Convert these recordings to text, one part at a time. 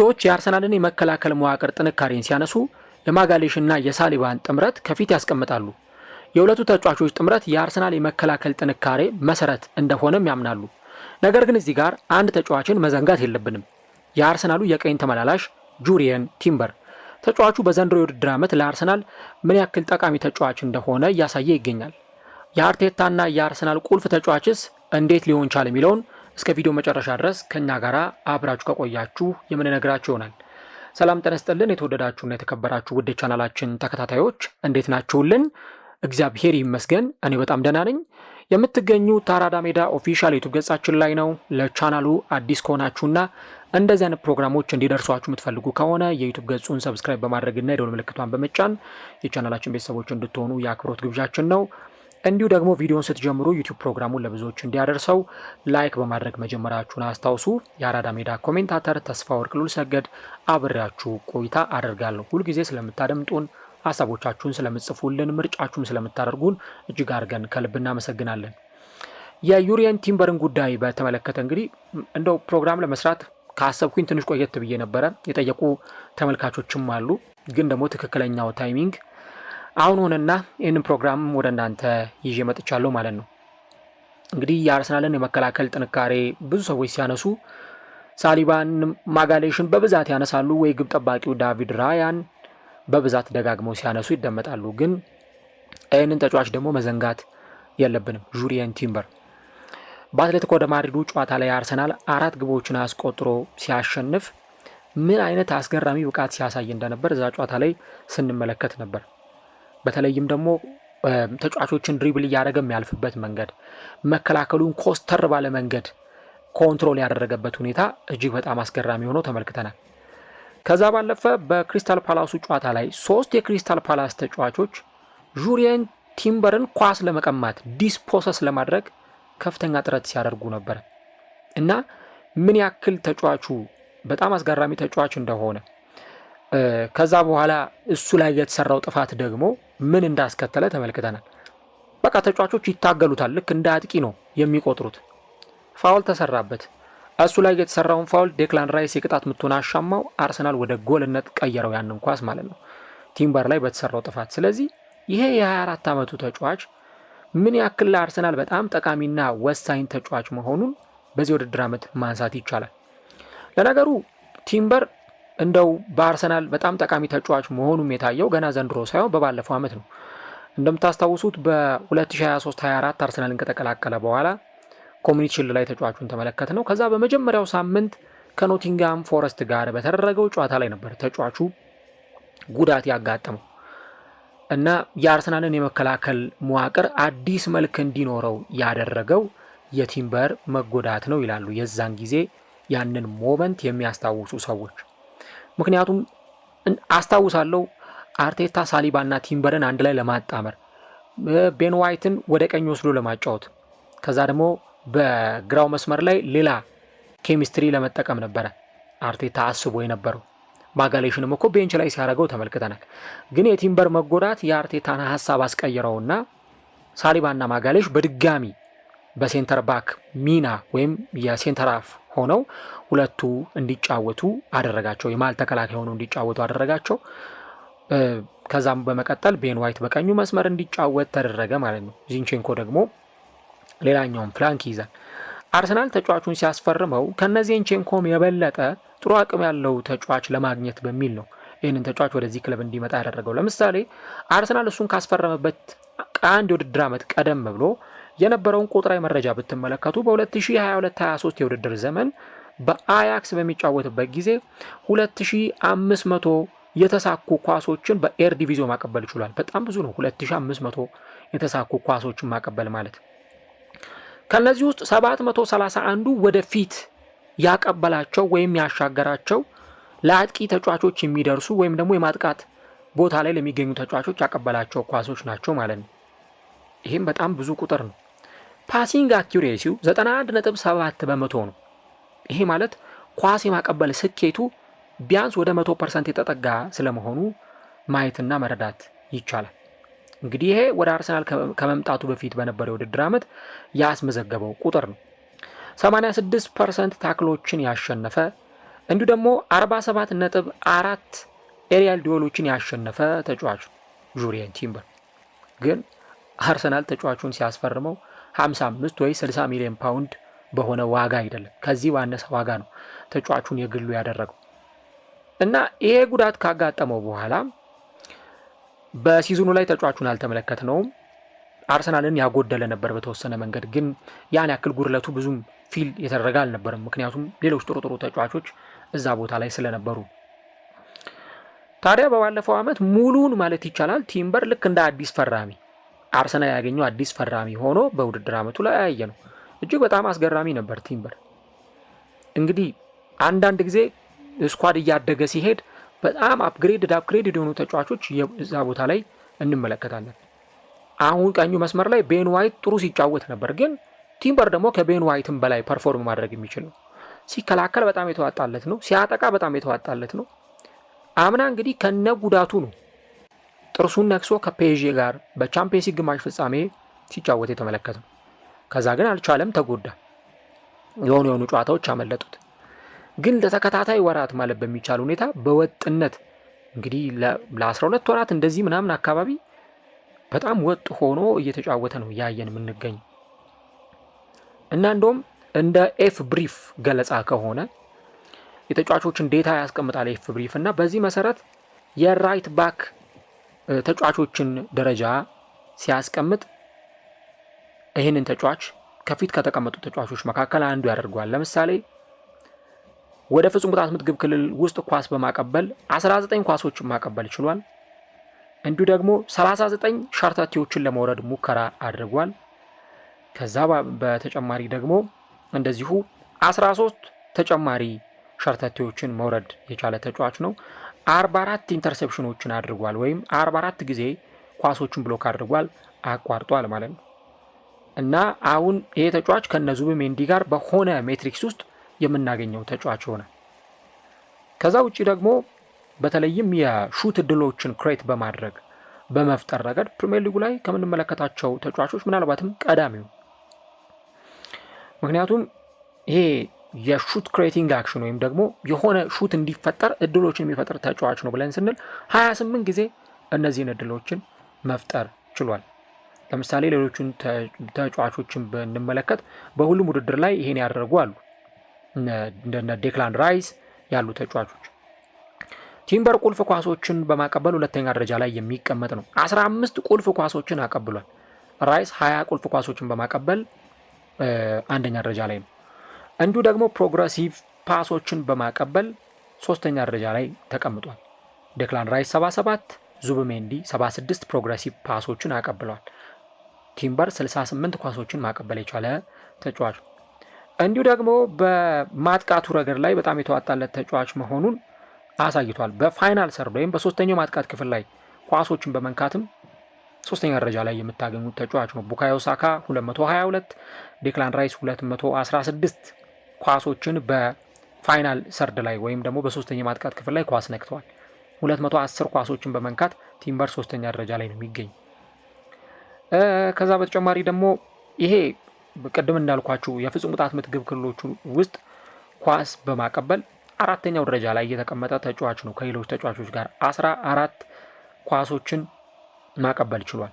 ብዙዎች የአርሰናልን የመከላከል መዋቅር ጥንካሬን ሲያነሱ የማጋሌሽና የሳሊባን ጥምረት ከፊት ያስቀምጣሉ። የሁለቱ ተጫዋቾች ጥምረት የአርሰናል የመከላከል ጥንካሬ መሰረት እንደሆነም ያምናሉ። ነገር ግን እዚህ ጋር አንድ ተጫዋችን መዘንጋት የለብንም። የአርሰናሉ የቀኝ ተመላላሽ ጁሪየን ቲምበር ተጫዋቹ በዘንድሮ የውድድር ዓመት ለአርሰናል ምን ያክል ጠቃሚ ተጫዋች እንደሆነ እያሳየ ይገኛል። የአርቴታና የአርሰናል ቁልፍ ተጫዋችስ እንዴት ሊሆን ቻለ የሚለውን እስከ ቪዲዮ መጨረሻ ድረስ ከእኛ ጋር አብራችሁ ከቆያችሁ የምንነግራችሁ ይሆናል። ሰላም ጠነስጠልን የተወደዳችሁና የተከበራችሁ ውድ ቻናላችን ተከታታዮች እንዴት ናችሁልን? እግዚአብሔር ይመስገን እኔ በጣም ደህና ነኝ። የምትገኙ ታራዳ ሜዳ ኦፊሻል ዩቱብ ገጻችን ላይ ነው። ለቻናሉ አዲስ ከሆናችሁና እንደዚህ አይነት ፕሮግራሞች እንዲደርሷችሁ የምትፈልጉ ከሆነ የዩቱብ ገጹን ሰብስክራይብ በማድረግና የደወል ምልክቷን በመጫን የቻናላችን ቤተሰቦች እንድትሆኑ የአክብሮት ግብዣችን ነው። እንዲሁ ደግሞ ቪዲዮን ስትጀምሩ ዩቲዩብ ፕሮግራሙን ለብዙዎች እንዲያደርሰው ላይክ በማድረግ መጀመራችሁን አስታውሱ። የአራዳ ሜዳ ኮሜንታተር ተስፋ ወርቅ ሉል ሰገድ አብሬያችሁ ቆይታ አደርጋለሁ። ሁልጊዜ ስለምታደምጡን ሀሳቦቻችሁን ስለምጽፉልን ምርጫችሁን ስለምታደርጉን እጅግ አድርገን ከልብ እናመሰግናለን። የዩሪየን ቲምበርን ጉዳይ በተመለከተ እንግዲህ እንደው ፕሮግራም ለመስራት ከአሰብኩኝ ትንሽ ቆየት ብዬ ነበረ። የጠየቁ ተመልካቾችም አሉ። ግን ደግሞ ትክክለኛው ታይሚንግ አሁን ሆነና ይህንን ፕሮግራም ወደ እናንተ ይዤ መጥቻለሁ ማለት ነው። እንግዲህ የአርሰናልን የመከላከል ጥንካሬ ብዙ ሰዎች ሲያነሱ ሳሊባን፣ ማጋሌሽን በብዛት ያነሳሉ ወይ ግብ ጠባቂው ዳቪድ ራያን በብዛት ደጋግመው ሲያነሱ ይደመጣሉ። ግን ይህንን ተጫዋች ደግሞ መዘንጋት የለብንም። ጁሪየን ቲምበር በአትሌቲኮ ወደ ማድሪዱ ጨዋታ ላይ አርሰናል አራት ግቦችን አስቆጥሮ ሲያሸንፍ ምን አይነት አስገራሚ ብቃት ሲያሳይ እንደነበር እዛ ጨዋታ ላይ ስንመለከት ነበር። በተለይም ደግሞ ተጫዋቾችን ድሪብል እያደረገ የሚያልፍበት መንገድ መከላከሉን ኮስተር ባለ መንገድ ኮንትሮል ያደረገበት ሁኔታ እጅግ በጣም አስገራሚ ሆኖ ተመልክተናል። ከዛ ባለፈ በክሪስታል ፓላሱ ጨዋታ ላይ ሶስት የክሪስታል ፓላስ ተጫዋቾች ዡሪየን ቲምበርን ኳስ ለመቀማት ዲስፖሰስ ለማድረግ ከፍተኛ ጥረት ሲያደርጉ ነበር እና ምን ያክል ተጫዋቹ በጣም አስገራሚ ተጫዋች እንደሆነ ከዛ በኋላ እሱ ላይ የተሰራው ጥፋት ደግሞ ምን እንዳስከተለ ተመልክተናል። በቃ ተጫዋቾች ይታገሉታል። ልክ እንደ አጥቂ ነው የሚቆጥሩት። ፋውል ተሰራበት። እሱ ላይ የተሰራውን ፋውል ዴክላን ራይስ የቅጣት ምቱን አሻማው። አርሰናል ወደ ጎልነት ቀየረው ያንን ኳስ ማለት ነው፣ ቲምበር ላይ በተሰራው ጥፋት። ስለዚህ ይሄ የ24 ዓመቱ ተጫዋች ምን ያክል ለአርሰናል በጣም ጠቃሚና ወሳኝ ተጫዋች መሆኑን በዚህ ውድድር ዓመት ማንሳት ይቻላል። ለነገሩ ቲምበር እንደው በአርሰናል በጣም ጠቃሚ ተጫዋች መሆኑም የታየው ገና ዘንድሮ ሳይሆን በባለፈው ዓመት ነው። እንደምታስታውሱት በ2023/24 አርሰናልን ከተቀላቀለ በኋላ ኮሚኒቲ ሽልድ ላይ ተጫዋቹን ተመለከት ነው። ከዛ በመጀመሪያው ሳምንት ከኖቲንጋም ፎረስት ጋር በተደረገው ጨዋታ ላይ ነበር ተጫዋቹ ጉዳት ያጋጠመው እና የአርሰናልን የመከላከል መዋቅር አዲስ መልክ እንዲኖረው ያደረገው የቲምበር መጎዳት ነው ይላሉ የዛን ጊዜ ያንን ሞመንት የሚያስታውሱ ሰዎች። ምክንያቱም አስታውሳለሁ አርቴታ ሳሊባና ቲምበርን አንድ ላይ ለማጣመር ቤን ዋይትን ወደ ቀኝ ወስዶ ለማጫወት ከዛ ደግሞ በግራው መስመር ላይ ሌላ ኬሚስትሪ ለመጠቀም ነበረ አርቴታ አስቦ የነበረው። ማጋሌሽንም እኮ ቤንች ላይ ሲያደርገው ተመልክተናል። ግን የቲምበር መጎዳት የአርቴታን ሀሳብ አስቀይረውና ሳሊባና ማጋሌሽ በድጋሚ በሴንተር ባክ ሚና ወይም የሴንተር አፍ ሆነው ሁለቱ እንዲጫወቱ አደረጋቸው። የመሀል ተከላካይ ሆነው እንዲጫወቱ አደረጋቸው። ከዛም በመቀጠል ቤን ዋይት በቀኙ መስመር እንዲጫወት ተደረገ ማለት ነው። ዚንቼንኮ ደግሞ ሌላኛውን ፍላንክ ይይዛል። አርሰናል ተጫዋቹን ሲያስፈርመው ከነዚንቼንኮም የበለጠ ጥሩ አቅም ያለው ተጫዋች ለማግኘት በሚል ነው ይህንን ተጫዋች ወደዚህ ክለብ እንዲመጣ ያደረገው። ለምሳሌ አርሰናል እሱን ካስፈረመበት ከአንድ የውድድር ዓመት ቀደም ብሎ የነበረውን ቁጥራዊ መረጃ ብትመለከቱ በ2022/23 የውድድር ዘመን በአያክስ በሚጫወትበት ጊዜ 2500 የተሳኩ ኳሶችን በኤር ዲቪዞ ማቀበል ችሏል በጣም ብዙ ነው። 2500 የተሳኩ ኳሶችን ማቀበል ማለት ከነዚህ ውስጥ 731ዱ ወደፊት ያቀበላቸው ወይም ያሻገራቸው ለአጥቂ ተጫዋቾች የሚደርሱ ወይም ደግሞ የማጥቃት ቦታ ላይ ለሚገኙ ተጫዋቾች ያቀበላቸው ኳሶች ናቸው ማለት ነው። ይህም በጣም ብዙ ቁጥር ነው። ፓሲንግ አኪሬሲው 91.7 በመቶ ነው። ይሄ ማለት ኳስ የማቀበል ስኬቱ ቢያንስ ወደ 100 ፐርሰንት የተጠጋ ስለመሆኑ ማየትና መረዳት ይቻላል። እንግዲህ ይሄ ወደ አርሰናል ከመምጣቱ በፊት በነበረው የውድድር ዓመት ያስመዘገበው ቁጥር ነው። 86 ፐርሰንት ታክሎችን ያሸነፈ እንዲሁ ደግሞ 47 ነጥብ አራት ኤሪያል ዲዮሎችን ያሸነፈ ተጫዋች ጁሪየን ቲምበር ግን አርሰናል ተጫዋቹን ሲያስፈርመው 55 ወይ 60 ሚሊዮን ፓውንድ በሆነ ዋጋ አይደለም፣ ከዚህ ባነሰ ዋጋ ነው ተጫዋቹን የግሉ ያደረገው እና ይሄ ጉዳት ካጋጠመው በኋላ በሲዝኑ ላይ ተጫዋቹን አልተመለከትነውም። አርሰናልን ያጎደለ ነበር በተወሰነ መንገድ ግን ያን ያክል ጉድለቱ ብዙም ፊል የተደረገ አልነበርም። ምክንያቱም ሌሎች ጥሩ ጥሩ ተጫዋቾች እዛ ቦታ ላይ ስለነበሩ። ታዲያ በባለፈው ዓመት ሙሉውን ማለት ይቻላል ቲምበር ልክ እንደ አዲስ ፈራሚ አርሰናል ያገኘው አዲስ ፈራሚ ሆኖ በውድድር ዓመቱ ላይ አያየ ነው። እጅግ በጣም አስገራሚ ነበር ቲምበር። እንግዲህ አንዳንድ ጊዜ ስኳድ እያደገ ሲሄድ በጣም አፕግሬድ አፕግሬድ የሆኑ ተጫዋቾች እዛ ቦታ ላይ እንመለከታለን። አሁን ቀኙ መስመር ላይ ቤን ዋይት ጥሩ ሲጫወት ነበር፣ ግን ቲምበር ደግሞ ከቤን ዋይትም በላይ ፐርፎርም ማድረግ የሚችል ነው። ሲከላከል በጣም የተዋጣለት ነው፣ ሲያጠቃ በጣም የተዋጣለት ነው። አምና እንግዲህ ከነ ጉዳቱ ነው ጥርሱን ነክሶ ከፔዤ ጋር በቻምፒየንስ ግማሽ ፍጻሜ ሲጫወት የተመለከተው። ከዛ ግን አልቻለም፣ ተጎዳ። የሆኑ የሆኑ ጨዋታዎች አመለጡት። ግን ለተከታታይ ወራት ማለት በሚቻል ሁኔታ በወጥነት እንግዲህ ለ12 ወራት እንደዚህ ምናምን አካባቢ በጣም ወጥ ሆኖ እየተጫወተ ነው ያየን የምንገኝ እና እንደውም እንደ ኤፍ ብሪፍ ገለጻ ከሆነ የተጫዋቾችን ዴታ ያስቀምጣል ኤፍ ብሪፍ እና በዚህ መሰረት የራይት ባክ ተጫዋቾችን ደረጃ ሲያስቀምጥ ይህንን ተጫዋች ከፊት ከተቀመጡ ተጫዋቾች መካከል አንዱ ያደርገዋል። ለምሳሌ ወደ ፍጹም ቅጣት ምት ግብ ክልል ውስጥ ኳስ በማቀበል 19 ኳሶችን ማቀበል ችሏል። እንዲሁ ደግሞ 39 ሻርታቴዎችን ለመውረድ ሙከራ አድርጓል። ከዛ በተጨማሪ ደግሞ እንደዚሁ 13 ተጨማሪ ሻርታቴዎችን መውረድ የቻለ ተጫዋች ነው። አርባ አራት ኢንተርሴፕሽኖችን አድርጓል ወይም አርባ አራት ጊዜ ኳሶችን ብሎክ አድርጓል አቋርጧል ማለት ነው። እና አሁን ይሄ ተጫዋች ከነ ዙቢሜንዲ ጋር በሆነ ሜትሪክስ ውስጥ የምናገኘው ተጫዋች ሆነ ከዛ ውጭ ደግሞ በተለይም የሹት እድሎችን ክሬት በማድረግ በመፍጠር ረገድ ፕሪሚየር ሊጉ ላይ ከምንመለከታቸው ተጫዋቾች ምናልባትም ቀዳሚው ምክንያቱም ይሄ የሹት ክሬቲንግ አክሽን ወይም ደግሞ የሆነ ሹት እንዲፈጠር እድሎችን የሚፈጥር ተጫዋች ነው ብለን ስንል 28 ጊዜ እነዚህን እድሎችን መፍጠር ችሏል። ለምሳሌ ሌሎቹን ተጫዋቾችን ብንመለከት በሁሉም ውድድር ላይ ይሄን ያደረጉ አሉ። እንደነ ዴክላን ራይስ ያሉ ተጫዋቾች ቲምበር ቁልፍ ኳሶችን በማቀበል ሁለተኛ ደረጃ ላይ የሚቀመጥ ነው። 15 ቁልፍ ኳሶችን አቀብሏል። ራይስ 20 ቁልፍ ኳሶችን በማቀበል አንደኛ ደረጃ ላይ ነው። እንዲሁ ደግሞ ፕሮግረሲቭ ፓሶችን በማቀበል ሶስተኛ ደረጃ ላይ ተቀምጧል። ደክላን ራይስ 77፣ ዙብሜንዲ 76 ፕሮግረሲቭ ፓሶችን አቀብሏል። ቲምበር 68 ኳሶችን ማቀበል የቻለ ተጫዋች ነው። እንዲሁ ደግሞ በማጥቃቱ ረገድ ላይ በጣም የተዋጣለት ተጫዋች መሆኑን አሳይቷል። በፋይናል ሰርድ ወይም በሶስተኛው ማጥቃት ክፍል ላይ ኳሶችን በመንካትም ሶስተኛ ደረጃ ላይ የምታገኙት ተጫዋች ነው። ቡካዮ ሳካ 222፣ ዴክላን ራይስ 216 ኳሶችን በፋይናል ሰርድ ላይ ወይም ደግሞ በሶስተኛ ማጥቃት ክፍል ላይ ኳስ ነክተዋል። 210 ኳሶችን በመንካት ቲምበር ሶስተኛ ደረጃ ላይ ነው የሚገኝ። ከዛ በተጨማሪ ደግሞ ይሄ ቅድም እንዳልኳችሁ የፍጹም ቅጣት ምት ግብ ክልሎቹ ውስጥ ኳስ በማቀበል አራተኛው ደረጃ ላይ እየተቀመጠ ተጫዋች ነው። ከሌሎች ተጫዋቾች ጋር አስራ አራት ኳሶችን ማቀበል ችሏል።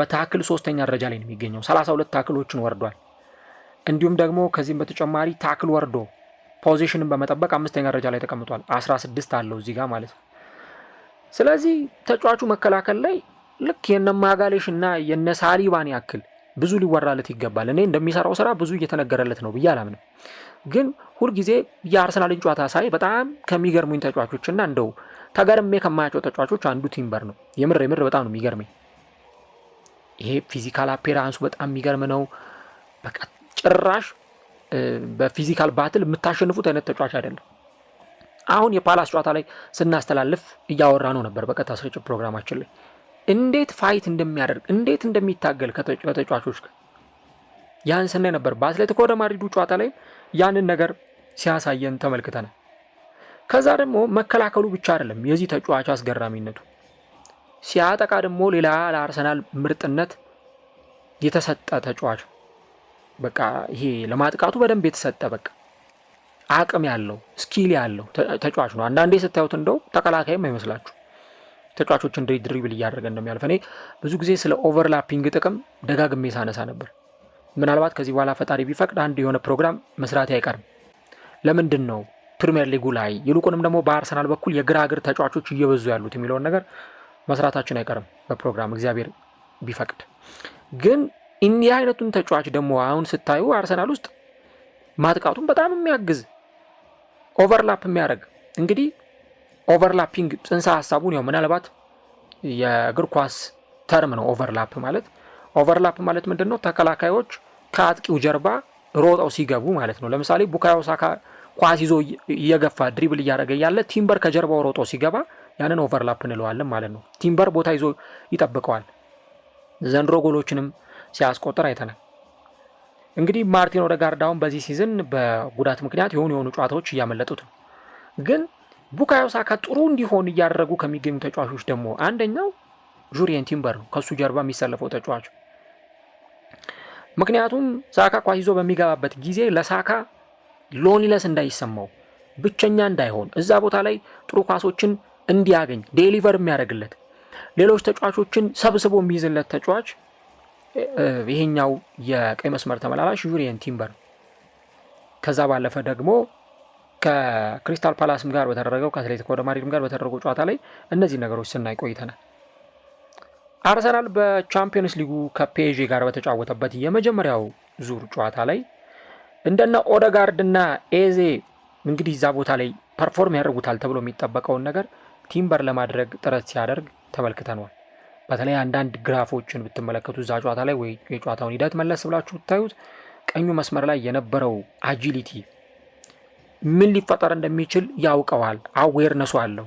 በታክል ሶስተኛ ደረጃ ላይ ነው የሚገኘው። 32 ታክሎችን ወርዷል። እንዲሁም ደግሞ ከዚህም በተጨማሪ ታክል ወርዶ ፖዚሽንን በመጠበቅ አምስተኛ ደረጃ ላይ ተቀምጧል። አስራ ስድስት አለው እዚህ ጋር ማለት ነው። ስለዚህ ተጫዋቹ መከላከል ላይ ልክ የነማጋሌሽ እና የነ ሳሊባን ያክል ብዙ ሊወራለት ይገባል። እኔ እንደሚሰራው ስራ ብዙ እየተነገረለት ነው ብዬ አላምንም። ግን ሁልጊዜ የአርሰናልን ጨዋታ ሳይ በጣም ከሚገርሙኝ ተጫዋቾችና እንደው ተገርሜ ከማያቸው ተጫዋቾች አንዱ ቲምበር ነው። የምር የምር በጣም ነው የሚገርመኝ። ይሄ ፊዚካል አፔራንሱ በጣም የሚገርም ነው። በቃ ጭራሽ በፊዚካል ባትል የምታሸንፉት አይነት ተጫዋች አይደለም። አሁን የፓላስ ጨዋታ ላይ ስናስተላልፍ እያወራ ነው ነበር በቀጥታ ስርጭት ፕሮግራማችን ላይ እንዴት ፋይት እንደሚያደርግ እንዴት እንደሚታገል ከተጫዋቾች ጋር ያን ስናይ ነበር። በአትሌቲኮ ወደ ማድሪዱ ጨዋታ ላይም ያንን ነገር ሲያሳየን ተመልክተናል። ከዛ ደግሞ መከላከሉ ብቻ አይደለም የዚህ ተጫዋች አስገራሚነቱ፣ ሲያጠቃ ደግሞ ሌላ ለአርሰናል ምርጥነት የተሰጠ ተጫዋች ነው። በቃ ይሄ ለማጥቃቱ በደንብ የተሰጠ በቃ አቅም ያለው ስኪል ያለው ተጫዋች ነው። አንዳንዴ ስታዩት እንደው ተከላካይም አይመስላችሁ ተጫዋቾች እንደ ድሪብል እያደረገ እንደሚያልፍ እኔ ብዙ ጊዜ ስለ ኦቨርላፒንግ ጥቅም ደጋግሜ ሳነሳ ነበር። ምናልባት ከዚህ በኋላ ፈጣሪ ቢፈቅድ አንድ የሆነ ፕሮግራም መስራት አይቀርም። ለምንድን ነው ፕሪምየር ሊጉ ላይ ይልቁንም ደግሞ በአርሰናል በኩል የግራ እግር ተጫዋቾች እየበዙ ያሉት የሚለውን ነገር መስራታችን አይቀርም በፕሮግራም እግዚአብሔር ቢፈቅድ ግን እንዲህ አይነቱን ተጫዋች ደግሞ አሁን ስታዩ አርሰናል ውስጥ ማጥቃቱን በጣም የሚያግዝ ኦቨርላፕ የሚያደርግ እንግዲህ ኦቨርላፒንግ ጽንሰ ሀሳቡን ያው ምናልባት የእግር ኳስ ተርም ነው። ኦቨርላፕ ማለት ኦቨርላፕ ማለት ምንድን ነው? ተከላካዮች ከአጥቂው ጀርባ ሮጠው ሲገቡ ማለት ነው። ለምሳሌ ቡካዮ ሳካ ኳስ ይዞ እየገፋ ድሪብል እያደረገ ያለ ቲምበር ከጀርባው ሮጦ ሲገባ ያንን ኦቨርላፕ እንለዋለን ማለት ነው። ቲምበር ቦታ ይዞ ይጠብቀዋል። ዘንድሮ ጎሎችንም ሲያስቆጥር አይተናል። እንግዲህ ማርቲን ኦደጋርድ አሁን በዚህ ሲዝን በጉዳት ምክንያት የሆኑ የሆኑ ጨዋታዎች እያመለጡት ነው። ግን ቡካዮ ሳካ ጥሩ እንዲሆን እያደረጉ ከሚገኙ ተጫዋቾች ደግሞ አንደኛው ጁሪየን ቲምበር ነው፣ ከሱ ጀርባ የሚሰለፈው ተጫዋች። ምክንያቱም ሳካ ኳስ ይዞ በሚገባበት ጊዜ ለሳካ ሎኒለስ እንዳይሰማው ብቸኛ እንዳይሆን እዛ ቦታ ላይ ጥሩ ኳሶችን እንዲያገኝ ዴሊቨር የሚያደርግለት ሌሎች ተጫዋቾችን ሰብስቦ የሚይዝለት ተጫዋች ይሄኛው የቀይ መስመር ተመላላሽ ዩሪየን ቲምበር ከዛ ባለፈ ደግሞ ከክሪስታል ፓላስም ጋር በተደረገው ከአትሌቲኮ ደ ማድሪድም ጋር በተደረገው ጨዋታ ላይ እነዚህ ነገሮች ስናይ ቆይተናል። አርሰናል በቻምፒዮንስ ሊጉ ከፔዤ ጋር በተጫወተበት የመጀመሪያው ዙር ጨዋታ ላይ እንደነ ኦደጋርድ እና ኤዜ እንግዲህ እዛ ቦታ ላይ ፐርፎርም ያደርጉታል ተብሎ የሚጠበቀውን ነገር ቲምበር ለማድረግ ጥረት ሲያደርግ ተመልክተነዋል። በተለይ አንዳንድ ግራፎችን ብትመለከቱ እዛ ጨዋታ ላይ ወይ የጨዋታውን ሂደት መለስ ብላችሁ ብታዩት ቀኙ መስመር ላይ የነበረው አጂሊቲ ምን ሊፈጠር እንደሚችል ያውቀዋል። አዌርነሱ አለው።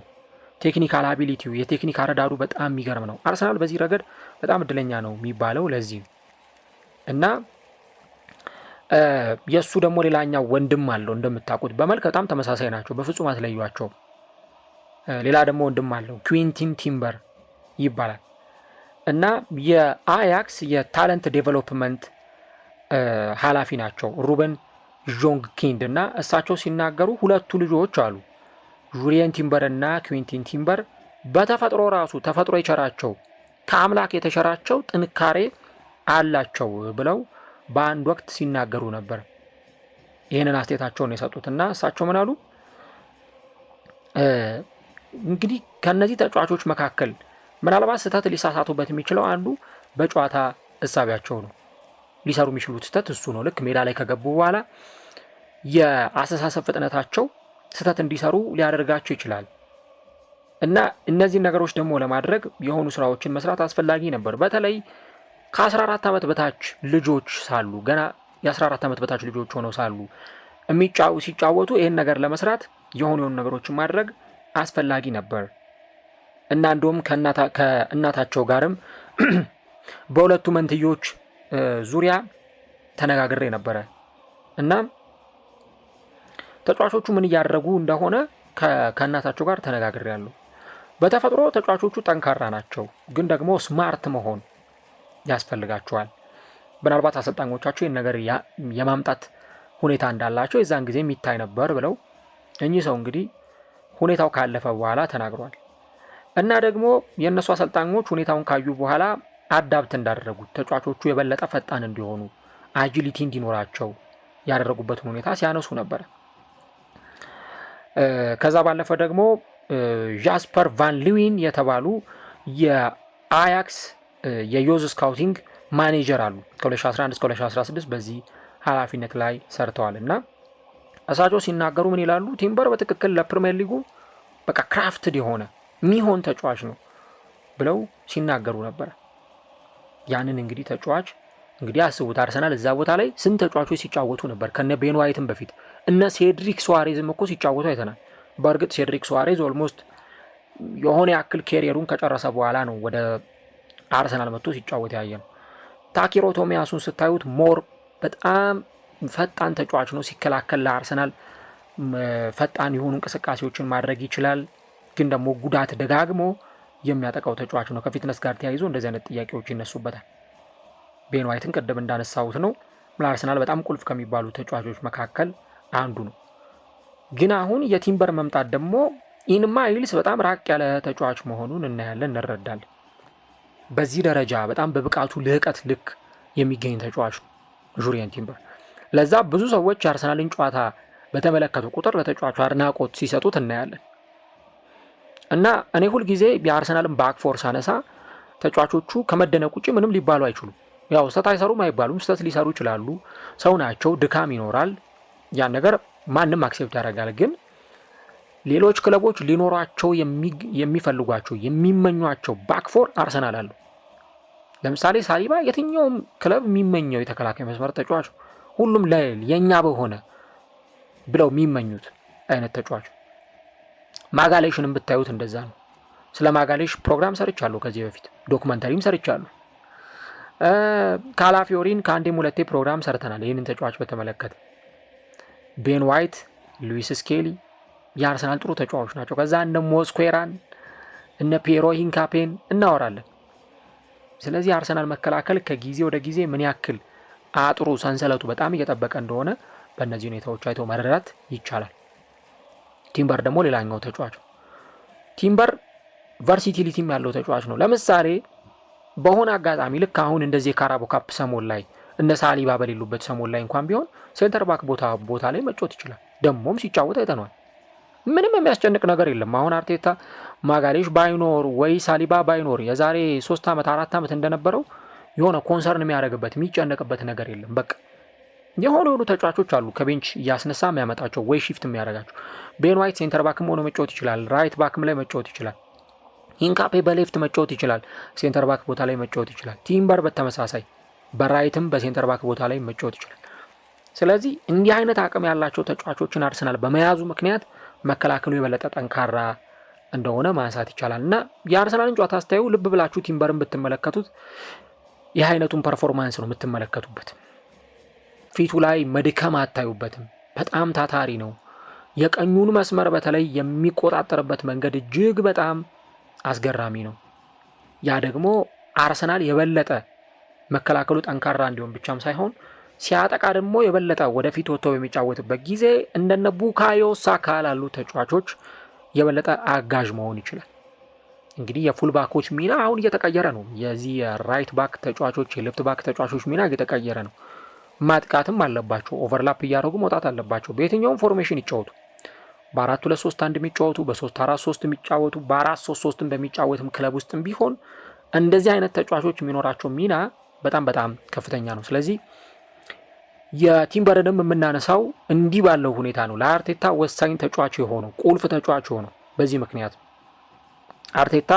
ቴክኒካል አቢሊቲው የቴክኒክ አረዳዱ በጣም የሚገርም ነው። አርሰናል በዚህ ረገድ በጣም እድለኛ ነው የሚባለው ለዚህ እና የእሱ ደግሞ ሌላኛው ወንድም አለው እንደምታውቁት በመልክ በጣም ተመሳሳይ ናቸው። በፍጹም አትለዩቸው። ሌላ ደግሞ ወንድም አለው ኩዊንቲን ቲምበር ይባላል። እና የአያክስ የታለንት ዴቨሎፕመንት ኃላፊ ናቸው ሩበን ዦንግ ኪንድ እና እሳቸው ሲናገሩ ሁለቱ ልጆች አሉ ጁሪየን ቲምበር እና ኩዊንቲን ቲምበር በተፈጥሮ ራሱ ተፈጥሮ የቸራቸው ከአምላክ የተቸራቸው ጥንካሬ አላቸው ብለው በአንድ ወቅት ሲናገሩ ነበር። ይህንን አስተያየታቸውን የሰጡት እና እሳቸው ምን አሉ? እንግዲህ ከእነዚህ ተጫዋቾች መካከል ምናልባት ስህተት ሊሳሳቱበት የሚችለው አንዱ በጨዋታ እሳቢያቸው ነው። ሊሰሩ የሚችሉት ስህተት እሱ ነው። ልክ ሜዳ ላይ ከገቡ በኋላ የአስተሳሰብ ፍጥነታቸው ስህተት እንዲሰሩ ሊያደርጋቸው ይችላል እና እነዚህን ነገሮች ደግሞ ለማድረግ የሆኑ ስራዎችን መስራት አስፈላጊ ነበር። በተለይ ከ14 ዓመት በታች ልጆች ሳሉ ገና የ14 ዓመት በታች ልጆች ሆነው ሳሉ ሲጫወቱ ይህን ነገር ለመስራት የሆኑ የሆኑ ነገሮችን ማድረግ አስፈላጊ ነበር። እና እንዲሁም ከእናታቸው ጋርም በሁለቱ መንትዮች ዙሪያ ተነጋግሬ ነበረ እና ተጫዋቾቹ ምን እያደረጉ እንደሆነ ከእናታቸው ጋር ተነጋግሬ ያሉ በተፈጥሮ ተጫዋቾቹ ጠንካራ ናቸው፣ ግን ደግሞ ስማርት መሆን ያስፈልጋቸዋል። ምናልባት አሰልጣኞቻቸው ይህን ነገር የማምጣት ሁኔታ እንዳላቸው የዛን ጊዜ የሚታይ ነበር ብለው እኚህ ሰው እንግዲህ ሁኔታው ካለፈ በኋላ ተናግሯል። እና ደግሞ የእነሱ አሰልጣኞች ሁኔታውን ካዩ በኋላ አዳብት እንዳደረጉት ተጫዋቾቹ የበለጠ ፈጣን እንዲሆኑ አጂሊቲ እንዲኖራቸው ያደረጉበትን ሁኔታ ሲያነሱ ነበረ። ከዛ ባለፈ ደግሞ ዣስፐር ቫን ሊዊን የተባሉ የአያክስ የዮዝ ስካውቲንግ ማኔጀር አሉ። ከ2011 እስከ 2016 በዚህ ኃላፊነት ላይ ሰርተዋል እና እሳቸው ሲናገሩ ምን ይላሉ? ቲምበር በትክክል ለፕሪሚየር ሊጉ በቃ ክራፍትድ የሆነ የሚሆን ተጫዋች ነው ብለው ሲናገሩ ነበር። ያንን እንግዲህ ተጫዋች እንግዲህ አስቡት አርሰናል እዛ ቦታ ላይ ስንት ተጫዋቾች ሲጫወቱ ነበር ከነ ቤን በፊት እነ ሴድሪክ ሱዋሬዝም እኮ ሲጫወቱ አይተናል። በእርግጥ ሴድሪክ ሱዋሬዝ ኦልሞስት የሆነ ያክል ኬሪየሩን ከጨረሰ በኋላ ነው ወደ አርሰናል መጥቶ ሲጫወት ያየ ነው። ታኪሮ ቶሚያሱን ስታዩት ሞር በጣም ፈጣን ተጫዋች ነው። ሲከላከል ለአርሰናል ፈጣን የሆኑ እንቅስቃሴዎችን ማድረግ ይችላል። ግን ደግሞ ጉዳት ደጋግሞ የሚያጠቃው ተጫዋች ነው። ከፊትነስ ጋር ተያይዞ እንደዚህ አይነት ጥያቄዎች ይነሱበታል። ቤን ዋይትን ቅድም እንዳነሳሁት ነው ለአርሰናል በጣም ቁልፍ ከሚባሉ ተጫዋቾች መካከል አንዱ ነው። ግን አሁን የቲምበር መምጣት ደግሞ ኢንማ ይልስ በጣም ራቅ ያለ ተጫዋች መሆኑን እናያለን፣ እንረዳለን። በዚህ ደረጃ በጣም በብቃቱ ልህቀት ልክ የሚገኝ ተጫዋች ነው ጁሪየን ቲምበር። ለዛ ብዙ ሰዎች የአርሰናልን ጨዋታ በተመለከቱ ቁጥር ለተጫዋቹ አድናቆት ሲሰጡት እናያለን። እና እኔ ሁል ጊዜ የአርሰናልን ባክፎር ሳነሳ ተጫዋቾቹ ከመደነቅ ውጭ ምንም ሊባሉ አይችሉም። ያው ስህተት አይሰሩም አይባሉም፣ ስህተት ሊሰሩ ይችላሉ። ሰው ናቸው፣ ድካም ይኖራል። ያን ነገር ማንም አክሴፕት ያደርጋል። ግን ሌሎች ክለቦች ሊኖሯቸው የሚፈልጓቸው የሚመኟቸው ባክፎር አርሰናል አለው። ለምሳሌ ሳሊባ የትኛውም ክለብ የሚመኘው የተከላካይ መስመር ተጫዋች ሁሉም ለል የእኛ በሆነ ብለው የሚመኙት አይነት ተጫዋች ማጋሌሽን ብታዩት እንደዛ ነው። ስለ ማጋሌሽ ፕሮግራም ሰርቻለሁ ከዚህ በፊት ዶክመንተሪም ሰርቻለሁ። ካላፊዮሪን ከአንዴም ሁለቴ ፕሮግራም ሰርተናል። ይህንን ተጫዋች በተመለከተ ቤን ዋይት፣ ሉዊስ ስኬሊ የአርሰናል ጥሩ ተጫዋቾች ናቸው። ከዛ እነ ሞስኩዌራን እነ ፔሮ ሂንካፔን እናወራለን። ስለዚህ አርሰናል መከላከል ከጊዜ ወደ ጊዜ ምን ያክል አጥሩ ሰንሰለቱ በጣም እየጠበቀ እንደሆነ በእነዚህ ሁኔታዎች አይቶ መረዳት ይቻላል። ቲምበር ደግሞ ሌላኛው ተጫዋች ነው። ቲምበር ቨርሲቲሊቲም ያለው ተጫዋች ነው። ለምሳሌ በሆነ አጋጣሚ ልክ አሁን እንደዚህ የካራቦ ካፕ ሰሞን ላይ እነ ሳሊባ በሌሉበት ሰሞን ላይ እንኳን ቢሆን ሴንተር ባክ ቦታ ቦታ ላይ መጫወት ይችላል። ደግሞም ሲጫወት አይተነዋል። ምንም የሚያስጨንቅ ነገር የለም። አሁን አርቴታ ማጋሌሽ ባይኖር ወይ ሳሊባ ባይኖር የዛሬ ሶስት ዓመት አራት ዓመት እንደነበረው የሆነ ኮንሰርን የሚያደርግበት የሚጨነቅበት ነገር የለም በቃ የሆኑ የሆኑ ተጫዋቾች አሉ ከቤንች እያስነሳ የሚያመጣቸው ወይ ሺፍት የሚያደርጋቸው ቤን ዋይት ሴንተር ባክም ሆኖ መጫወት ይችላል። ራይት ባክም ላይ መጫወት ይችላል። ኢንካፔ በሌፍት መጫወት ይችላል። ሴንተር ባክ ቦታ ላይ መጫወት ይችላል። ቲምበር በተመሳሳይ በራይትም በሴንተር ባክ ቦታ ላይ መጫወት ይችላል። ስለዚህ እንዲህ አይነት አቅም ያላቸው ተጫዋቾችን አርሰናል በመያዙ ምክንያት መከላከሉ የበለጠ ጠንካራ እንደሆነ ማንሳት ይቻላል እና የአርሰናልን ጨዋታ አስተያዩ ልብ ብላችሁ ቲምበርን ብትመለከቱት ይህ አይነቱን ፐርፎርማንስ ነው የምትመለከቱበት። ፊቱ ላይ መድከም አታዩበትም። በጣም ታታሪ ነው። የቀኙን መስመር በተለይ የሚቆጣጠርበት መንገድ እጅግ በጣም አስገራሚ ነው። ያ ደግሞ አርሰናል የበለጠ መከላከሉ ጠንካራ እንዲሆን ብቻም ሳይሆን ሲያጠቃ ደግሞ የበለጠ ወደፊት ወጥቶ በሚጫወትበት ጊዜ እንደነ ቡካዮ ሳካ ላሉ ተጫዋቾች የበለጠ አጋዥ መሆን ይችላል። እንግዲህ የፉልባኮች ሚና አሁን እየተቀየረ ነው። የዚህ የራይት ባክ ተጫዋቾች የሌፍት ባክ ተጫዋቾች ሚና እየተቀየረ ነው። ማጥቃትም አለባቸው። ኦቨርላፕ እያደረጉ መውጣት አለባቸው። በየትኛውም ፎርሜሽን ይጫወቱ። በአራት ሁለት ሶስት አንድ የሚጫወቱ በሶስት አራት ሶስት የሚጫወቱ በአራት ሶስት ሶስትም በሚጫወትም ክለብ ውስጥም ቢሆን እንደዚህ አይነት ተጫዋቾች የሚኖራቸው ሚና በጣም በጣም ከፍተኛ ነው። ስለዚህ የቲምበርንም የምናነሳው እንዲህ ባለው ሁኔታ ነው። ለአርቴታ ወሳኝ ተጫዋች የሆነው ቁልፍ ተጫዋች የሆነው በዚህ ምክንያት አርቴታ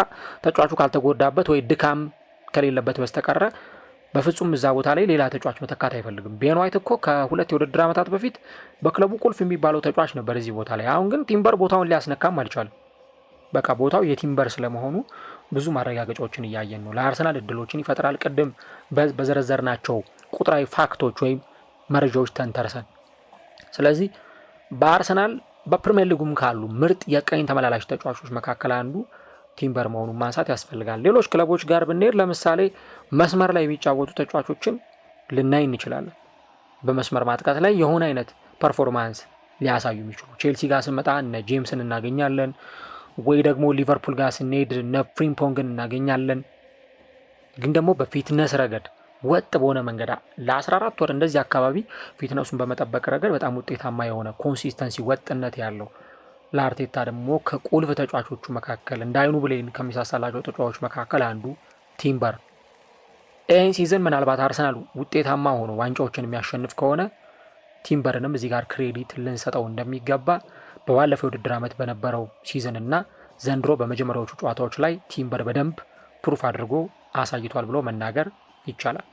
ተጫዋቹ ካልተጎዳበት ወይ ድካም ከሌለበት በስተቀረ በፍጹም እዛ ቦታ ላይ ሌላ ተጫዋች መተካት አይፈልግም። ቤን ዋይት እኮ ከሁለት የውድድር ዓመታት በፊት በክለቡ ቁልፍ የሚባለው ተጫዋች ነበር እዚህ ቦታ ላይ። አሁን ግን ቲምበር ቦታውን ሊያስነካም አልቻለም። በቃ ቦታው የቲምበር ስለመሆኑ ብዙ ማረጋገጫዎችን እያየን ነው። ለአርሰናል እድሎችን ይፈጥራል። ቅድም በዘረዘርናቸው ቁጥራዊ ፋክቶች ወይም መረጃዎች ተንተርሰን ስለዚህ በአርሰናል በፕሪሚየር ሊጉም ካሉ ምርጥ የቀኝ ተመላላሽ ተጫዋቾች መካከል አንዱ ቲምበር መሆኑን ማንሳት ያስፈልጋል። ሌሎች ክለቦች ጋር ብንሄድ ለምሳሌ መስመር ላይ የሚጫወቱ ተጫዋቾችን ልናይ እንችላለን። በመስመር ማጥቃት ላይ የሆነ አይነት ፐርፎርማንስ ሊያሳዩ የሚችሉ ቼልሲ ጋር ስመጣ እነ ጄምስን እናገኛለን፣ ወይ ደግሞ ሊቨርፑል ጋር ስንሄድ እነ ፍሪምፖንግን እናገኛለን። ግን ደግሞ በፊትነስ ረገድ ወጥ በሆነ መንገድ ለ14 ወር እንደዚህ አካባቢ ፊትነሱን በመጠበቅ ረገድ በጣም ውጤታማ የሆነ ኮንሲስተንሲ ወጥነት ያለው ለአርቴታ ደግሞ ከቁልፍ ተጫዋቾቹ መካከል እንደ አይኑ ብሌን ከሚሳሳላቸው ተጫዋቾች መካከል አንዱ ቲምበር ይህን ሲዝን ምናልባት አርሰናል ውጤታማ ሆኖ ዋንጫዎችን የሚያሸንፍ ከሆነ ቲምበርንም እዚህ ጋር ክሬዲት ልንሰጠው እንደሚገባ በባለፈው የውድድር ዓመት በነበረው ሲዝን እና ዘንድሮ በመጀመሪያዎቹ ጨዋታዎች ላይ ቲምበር በደንብ ፕሩፍ አድርጎ አሳይቷል ብሎ መናገር ይቻላል።